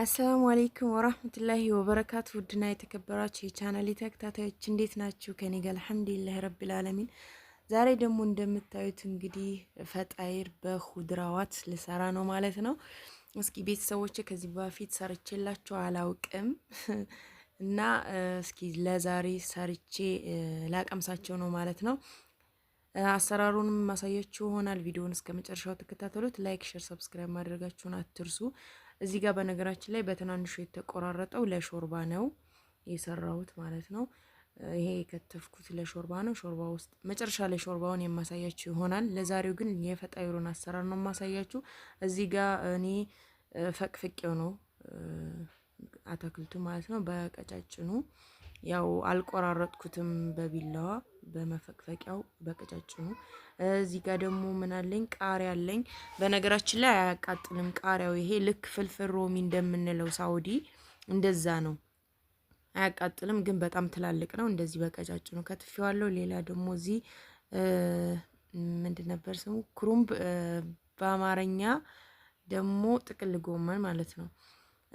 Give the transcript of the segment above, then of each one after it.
አሰላሙ አሌይኩም ወራህመቱላሂ ወበረካቱ። ውድና የተከበራችሁ የቻናሌ ተከታታዮች እንዴት ናችሁ? ከኔ ጋር አልሐምዱሊላህ ረቢል ዛሬ ደግሞ እንደምታዩት እንግዲህ ፈጣይር በሁድራዋት ልሰራ ነው ማለት ነው። እስኪ ቤተሰቦች ከዚህ በፊት ሰርቼላችሁ አላውቅም እና እስኪ ለዛሬ ሰርቼ ላቀምሳቸው ነው ማለት ነው። አሰራሩንም ማሳያችሁ ይሆናል። ቪዲዮውን እስከ መጨረሻው ተከታተሉት። ላይክ፣ ሼር፣ ሰብስክራይብ ማድረጋችሁን አትርሱ። እዚህ ጋር በነገራችን ላይ በትናንሹ የተቆራረጠው ለሾርባ ነው የሰራሁት ማለት ነው። ይሄ የከተፍኩት ለሾርባ ነው። ሾርባ ውስጥ መጨረሻ ላይ ሾርባውን የማሳያችሁ ይሆናል። ለዛሬው ግን የፈጣይሩን አሰራር ነው የማሳያችሁ። እዚህ ጋር እኔ ፈቅፍቄው ነው አታክልቱ ማለት ነው። በቀጫጭኑ ያው አልቆራረጥኩትም በቢላዋ በመፈቅፈቂያው በቀጫጭኑ። እዚህ ጋር ደግሞ ምን አለኝ? ቃሪያ አለኝ። በነገራችን ላይ አያቃጥልም ቃሪያው። ይሄ ልክ ፍልፍል ሮሚ እንደምንለው ሳውዲ እንደዛ ነው። አያቃጥልም፣ ግን በጣም ትላልቅ ነው። እንደዚህ በቀጫጭኑ ከትፌዋለሁ። ሌላ ደግሞ እዚህ ምንድን ነበር ስሙ? ክሩምብ በአማርኛ ደግሞ ጥቅል ጎመን ማለት ነው።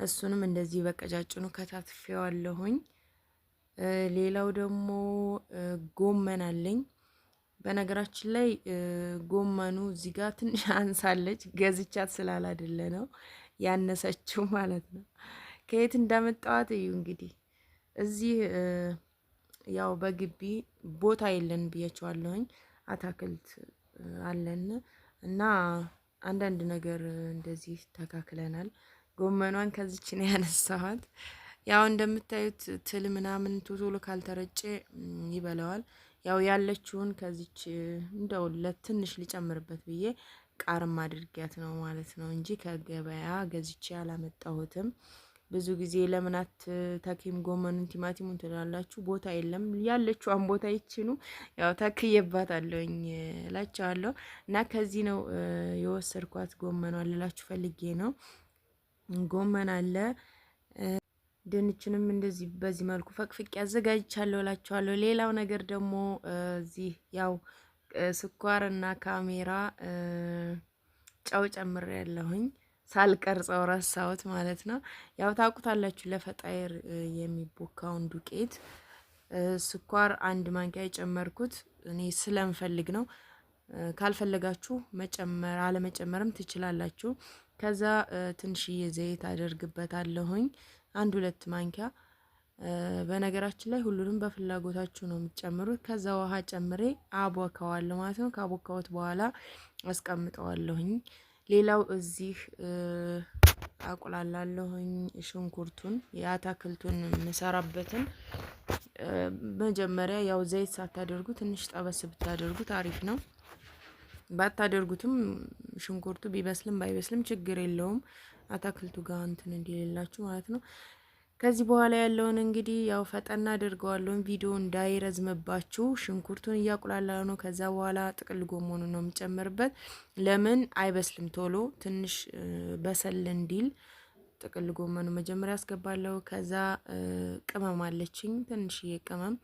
እሱንም እንደዚህ በቀጫጭኑ ከታትፌዋለሁኝ። ሌላው ደግሞ ጎመን አለኝ። በነገራችን ላይ ጎመኑ እዚህ ጋር ትንሽ አንሳለች፣ ገዝቻት ስላላደለ ነው ያነሰችው ማለት ነው። ከየት እንዳመጣዋት እዩ እንግዲህ። እዚህ ያው በግቢ ቦታ የለን ብያቸዋለሁኝ። አታክልት አለን እና አንዳንድ ነገር እንደዚህ ተካክለናል። ጎመኗን ከዚች ነው ያነሳኋት። ያው እንደምታዩት ትል ምናምን ቶቶሎ ካልተረጨ ይበላዋል። ያው ያለችውን ከዚች እንደው ለትንሽ ሊጨምርበት ብዬ ቃርም አድርጊያት ነው ማለት ነው እንጂ ከገበያ ገዝቼ አላመጣሁትም። ብዙ ጊዜ ለምናት ተኪም ጎመኑን ቲማቲሙን ትላላችሁ፣ ቦታ የለም ያለችዋን ቦታ ይችኑ ያው አለውኝ እላቸዋለሁ። እና ከዚህ ነው የወሰድኳት ጎመኗ ልላችሁ ፈልጌ ነው። ጎመን አለ ድንችንም እንደዚህ በዚህ መልኩ ፈቅፍቅ ያዘጋጅቻለሁ እላችኋለሁ። ሌላው ነገር ደግሞ እዚህ ያው ስኳር እና ካሜራ ጨው ጨምር ያለሁኝ ሳልቀርጸው ረሳሁት ማለት ነው። ያው ታውቁታላችሁ ለፈጣይር የሚቦካውን ዱቄት ስኳር አንድ ማንኪያ የጨመርኩት እኔ ስለምፈልግ ነው። ካልፈለጋችሁ መጨመር አለመጨመርም ትችላላችሁ። ከዛ ትንሽዬ ዘይት አደርግበታለሁኝ። አንድ ሁለት ማንኪያ በነገራችን ላይ ሁሉንም በፍላጎታችሁ ነው የምትጨምሩት። ከዛ ውሃ ጨምሬ አቦካዋለሁ ማለት ነው። ካቦካወት በኋላ አስቀምጠዋለሁኝ። ሌላው እዚህ አቁላላለሁኝ ሽንኩርቱን የአታክልቱን የምሰራበትን። መጀመሪያ ያው ዘይት ሳታደርጉ ትንሽ ጠበስ ብታደርጉት አሪፍ ነው። ባታደርጉትም ሽንኩርቱ ቢበስልም ባይበስልም ችግር የለውም። አታክልቱ ጋር እንትን እንዲሌላችሁ ማለት ነው። ከዚህ በኋላ ያለውን እንግዲህ ያው ፈጠና አድርገዋለሁን ቪዲዮ እንዳይረዝምባችሁ። ሽንኩርቱን እያቁላላ ነው። ከዛ በኋላ ጥቅል ጎመኑ ነው የምጨምርበት። ለምን አይበስልም ቶሎ ትንሽ በሰል እንዲል ጥቅል ጎመኑ መጀመሪያ አስገባለሁ። ከዛ ቅመም አለችኝ ትንሽዬ ቅመም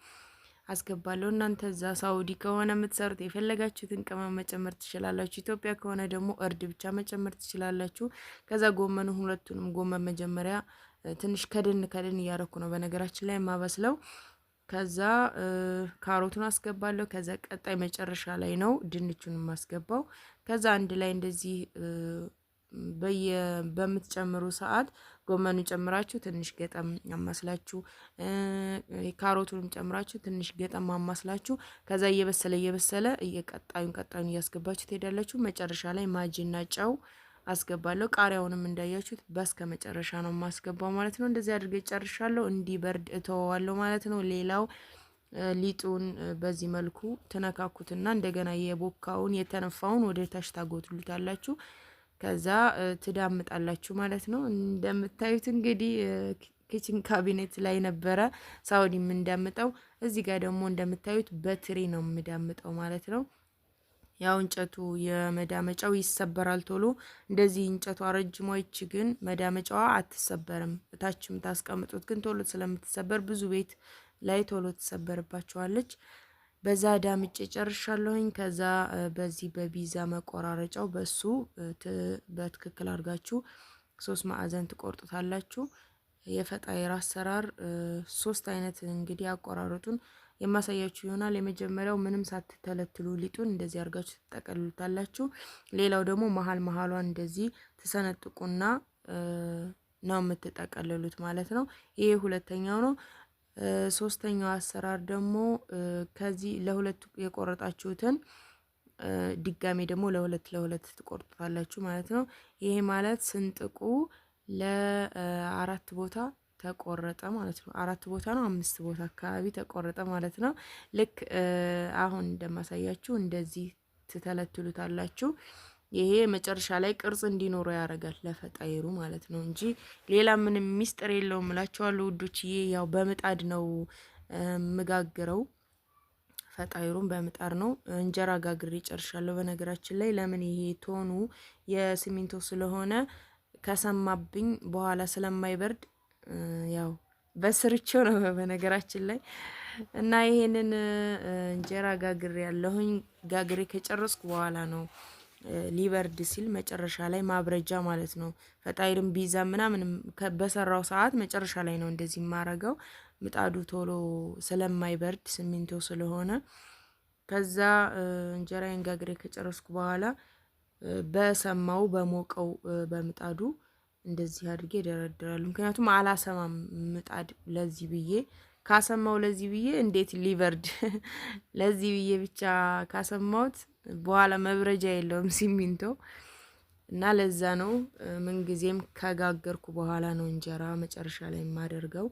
አስገባለሁ። እናንተ እዛ ሳውዲ ከሆነ የምትሰሩት የፈለጋችሁትን ቅመም መጨመር ትችላላችሁ። ኢትዮጵያ ከሆነ ደግሞ እርድ ብቻ መጨመር ትችላላችሁ። ከዛ ጎመኑ ሁለቱንም ጎመን መጀመሪያ ትንሽ ከድን ከድን እያረኩ ነው በነገራችን ላይ የማበስለው። ከዛ ካሮቱን አስገባለሁ። ከዛ ቀጣይ መጨረሻ ላይ ነው ድንቹን የማስገባው። ከዛ አንድ ላይ እንደዚህ በምትጨምሩ ሰዓት ጎመኑ ጨምራችሁ ትንሽ ገጠም አማስላችሁ፣ ካሮቱንም ጨምራችሁ ትንሽ ገጠም አማስላችሁ፣ ከዛ እየበሰለ እየበሰለ እየቀጣዩን ቀጣዩን እያስገባችሁ ትሄዳላችሁ። መጨረሻ ላይ ማጅና ጨው አስገባለሁ። ቃሪያውንም እንዳያችሁት በስከ መጨረሻ ነው ማስገባው ማለት ነው። እንደዚህ አድርጌ ጨርሻለሁ። በርድ እተወዋለሁ ማለት ነው። ሌላው ሊጡን በዚህ መልኩ ትነካኩትና እንደገና የቦካውን የተነፋውን ወደ ታች ታጎትሉታላችሁ። ከዛ ትዳምጣላችሁ ማለት ነው። እንደምታዩት እንግዲህ ኪችን ካቢኔት ላይ ነበረ ሳውዲ የምንዳምጠው። እዚህ ጋር ደግሞ እንደምታዩት በትሪ ነው የምዳምጠው ማለት ነው። ያው እንጨቱ የመዳመጫው ይሰበራል ቶሎ። እንደዚህ እንጨቷ ረጅሟች ግን መዳመጫዋ አትሰበርም። እታችም ታስቀምጡት ግን ቶሎ ስለምትሰበር ብዙ ቤት ላይ ቶሎ ትሰበርባችኋለች። በዛ ዳምጬ ጨርሻለሁኝ። ከዛ በዚህ በቢዛ መቆራረጫው በሱ በትክክል አድርጋችሁ ሶስት ማዕዘን ትቆርጡታላችሁ። የፈጣይር አሰራር ሶስት አይነት እንግዲህ አቆራረጡን የማሳያችሁ ይሆናል። የመጀመሪያው ምንም ሳትተለትሉ ሊጡን እንደዚህ አድርጋችሁ ትጠቀልሉታላችሁ። ሌላው ደግሞ መሀል መሀሏን እንደዚህ ትሰነጥቁና ነው የምትጠቀልሉት ማለት ነው። ይሄ ሁለተኛው ነው። ሶስተኛው አሰራር ደግሞ ከዚህ ለሁለት የቆረጣችሁትን ድጋሜ ደግሞ ለሁለት ለሁለት ትቆርጡታላችሁ ማለት ነው። ይሄ ማለት ስንጥቁ ለአራት ቦታ ተቆረጠ ማለት ነው። አራት ቦታ ነው፣ አምስት ቦታ አካባቢ ተቆረጠ ማለት ነው። ልክ አሁን እንደማሳያችሁ እንደዚህ ትተለትሉታላችሁ። ይሄ መጨረሻ ላይ ቅርጽ እንዲኖረው ያደርጋል ለፈጣይሩ ማለት ነው እንጂ ሌላ ምንም ሚስጥር የለውም እላቸዋለሁ ውዶች። ይሄ ያው በምጣድ ነው ምጋግረው ፈጣይሩን በምጣድ ነው እንጀራ ጋግሬ ይጨርሻለሁ በነገራችን ላይ ለምን ይሄ ቶኑ የሲሚንቶ ስለሆነ ከሰማብኝ በኋላ ስለማይበርድ ያው በስርቸው ነው በነገራችን ላይ እና ይሄንን እንጀራ ጋግሬ ያለሁኝ ጋግሬ ከጨረስኩ በኋላ ነው ሊበርድ ሲል መጨረሻ ላይ ማብረጃ ማለት ነው። ፈጣይርም ቢዛ ምናምን በሰራው ሰዓት መጨረሻ ላይ ነው እንደዚህ የማረገው። ምጣዱ ቶሎ ስለማይበርድ ስሚንቶ ስለሆነ፣ ከዛ እንጀራዬን ጋግሬ ከጨረስኩ በኋላ በሰማው በሞቀው በምጣዱ እንደዚህ አድርጌ ይደረድራሉ። ምክንያቱም አላሰማም ምጣድ ለዚህ ብዬ ካሰማው ለዚህ ብዬ እንዴት ሊበርድ ለዚህ ብዬ ብቻ ካሰማውት? በኋላ መብረጃ የለውም ሲሚንቶ እና ለዛ ነው ምንጊዜም ከጋገርኩ በኋላ ነው እንጀራ መጨረሻ ላይ የማደርገው።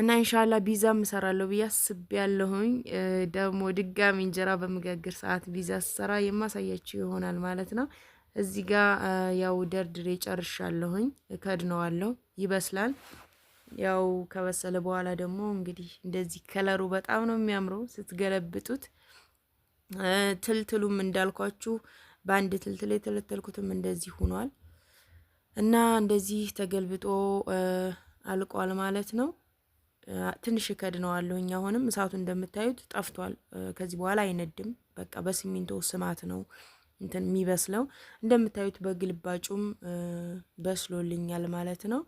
እና ኢንሻላ ቢዛም ምሰራለሁ ብዬ ያለሁኝ ደግሞ ድጋሚ እንጀራ በምጋግር ሰዓት ቢዛ ስሰራ የማሳያችሁ ይሆናል ማለት ነው። እዚህ ጋር ያው ደርድሬ ጨርሻለሁኝ። እከድነዋለሁ፣ ይበስላል። ያው ከበሰለ በኋላ ደግሞ እንግዲህ እንደዚህ ከለሩ በጣም ነው የሚያምረው ስትገለብጡት ትልትሉም እንዳልኳችሁ በአንድ ትልትል የተለተልኩትም እንደዚህ ሆኗል እና እንደዚህ ተገልብጦ አልቋል ማለት ነው። ትንሽ እከድነዋለሁኝ። አሁንም እሳቱ እንደምታዩት ጠፍቷል። ከዚህ በኋላ አይነድም። በቃ በሲሚንቶ ስማት ነው እንትን የሚበስለው። እንደምታዩት በግልባጩም በስሎልኛል ማለት ነው።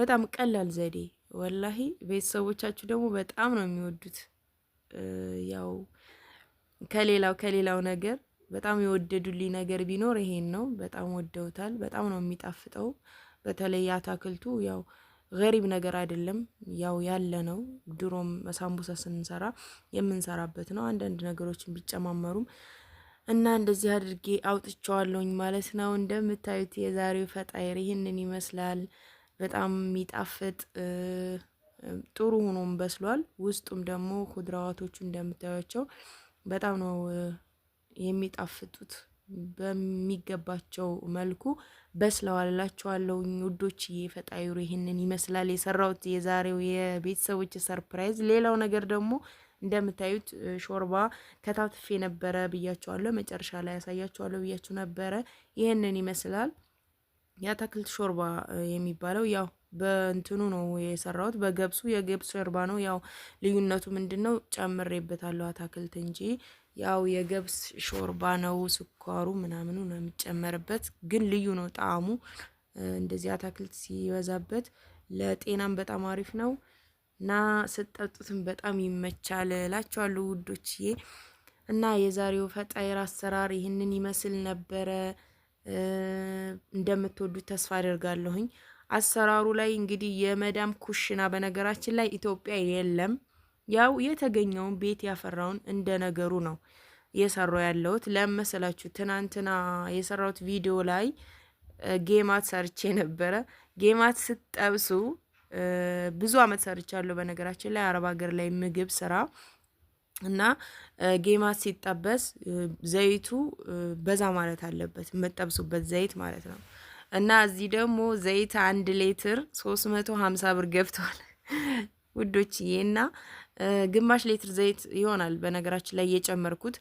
በጣም ቀላል ዘዴ ወላሂ። ቤተሰቦቻችሁ ደግሞ በጣም ነው የሚወዱት ያው ከሌላው ከሌላው ነገር በጣም የወደዱልኝ ነገር ቢኖር ይሄን ነው። በጣም ወደውታል። በጣም ነው የሚጣፍጠው። በተለይ አታክልቱ ያው ገሪብ ነገር አይደለም፣ ያው ያለ ነው። ድሮም ሳምቡሳ ስንሰራ የምንሰራበት ነው። አንዳንድ ነገሮችን ቢጨማመሩም እና እንደዚህ አድርጌ አውጥቸዋለሁኝ ማለት ነው። እንደምታዩት የዛሬው ፈጣይር ይህንን ይመስላል። በጣም የሚጣፍጥ ጥሩ ሆኖም በስሏል። ውስጡም ደግሞ ኩድራዋቶቹ እንደምታዩቸው በጣም ነው የሚጣፍጡት። በሚገባቸው መልኩ በስለዋል ውዶች። ውዶችዬ። ይህንን ይመስላል የሰራሁት የዛሬው የቤተሰቦች ሰርፕራይዝ። ሌላው ነገር ደግሞ እንደምታዩት ሾርባ ከታትፌ ነበረ ብያቸዋለሁ። መጨረሻ ላይ ያሳያቸዋለሁ ብያችሁ ነበረ። ይህንን ይመስላል የአታክልት ሾርባ የሚባለው ያው በእንትኑ ነው የሰራሁት፣ በገብሱ የገብሱ ሾርባ ነው። ያው ልዩነቱ ምንድን ነው? ጨምሬበታለሁ አታክልት እንጂ ያው የገብስ ሾርባ ነው። ስኳሩ ምናምኑ ነው የሚጨመርበት፣ ግን ልዩ ነው ጣዕሙ። እንደዚህ አታክልት ሲበዛበት ለጤናም በጣም አሪፍ ነው እና ስጠጡትም በጣም ይመቻል እላችኋለሁ ውዶችዬ። እና የዛሬው ፈጣይር አሰራር ይህንን ይመስል ነበረ። እንደምትወዱት ተስፋ አደርጋለሁኝ። አሰራሩ ላይ እንግዲህ የመዳም ኩሽና በነገራችን ላይ ኢትዮጵያ የለም። ያው የተገኘውን ቤት ያፈራውን እንደ ነገሩ ነው የሰራው ያለሁት። ለመሰላችሁ ትናንትና የሰራሁት ቪዲዮ ላይ ጌማት ሰርቼ ነበረ። ጌማት ስጠብሱ ብዙ አመት ሰርቻለሁ። በነገራችን ላይ አረብ ሀገር ላይ ምግብ ስራ እና ጌማት ሲጠበስ ዘይቱ በዛ ማለት አለበት፣ የምጠብሱበት ዘይት ማለት ነው። እና እዚህ ደግሞ ዘይት አንድ ሌትር 350 ብር ገብቷል ውዶችዬ። እና ግማሽ ሌትር ዘይት ይሆናል በነገራችን ላይ የጨመርኩት፣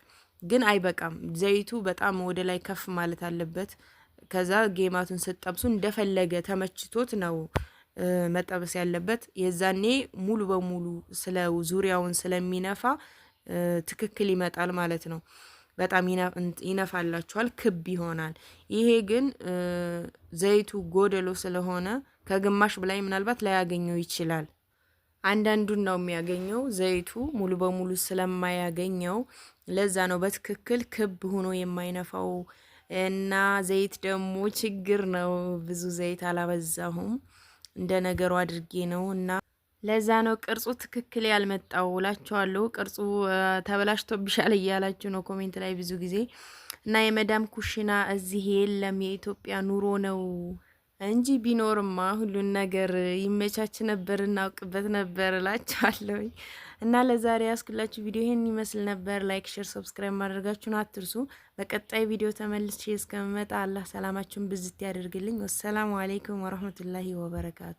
ግን አይበቃም። ዘይቱ በጣም ወደ ላይ ከፍ ማለት አለበት። ከዛ ጌማቱን ስጠብሱ እንደፈለገ ተመችቶት ነው መጠበስ ያለበት። የዛኔ ሙሉ በሙሉ ስለ ዙሪያውን ስለሚነፋ ትክክል ይመጣል ማለት ነው። በጣም ይነፋላችኋል፣ ክብ ይሆናል። ይሄ ግን ዘይቱ ጎደሎ ስለሆነ ከግማሽ በላይ ምናልባት ላያገኘው ይችላል። አንዳንዱን ነው የሚያገኘው፣ ዘይቱ ሙሉ በሙሉ ስለማያገኘው ለዛ ነው በትክክል ክብ ሆኖ የማይነፋው። እና ዘይት ደግሞ ችግር ነው። ብዙ ዘይት አላበዛሁም፣ እንደ ነገሩ አድርጌ ነው እና ለዛ ነው ቅርጹ ትክክል ያልመጣው እላችኋለሁ። ቅርጹ ተበላሽቶብሻል እያላችሁ ነው ኮሜንት ላይ ብዙ ጊዜ እና የመዳም ኩሽና እዚህ የለም የኢትዮጵያ ኑሮ ነው እንጂ ቢኖርማ ሁሉን ነገር ይመቻች ነበር እናውቅበት ነበር እላችኋለሁ። እና ለዛሬ ያስኩላችሁ ቪዲዮ ይሄን ይመስል ነበር። ላይክ፣ ሼር፣ ሰብስክራይብ ማድረጋችሁን አትርሱ። በቀጣይ ቪዲዮ ተመልሼ እስከምመጣ አላህ ሰላማችሁን ብዝት ያደርግልኝ። ወሰላሙ አሌይኩም ወረህመቱላሂ ወበረካቱ